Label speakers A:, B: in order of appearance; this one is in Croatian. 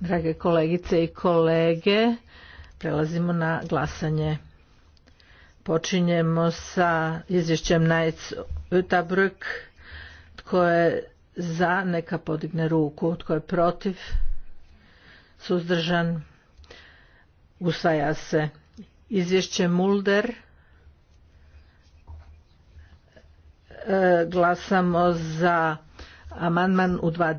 A: Drage kolegice i kolege, prelazimo na glasanje. Počinjemo sa izvješćem Najc Utabruk. Tko je za, neka podigne ruku. Tko je protiv, suzdržan, usvaja se. Izvješće Mulder. E,
B: glasamo za amandman u dva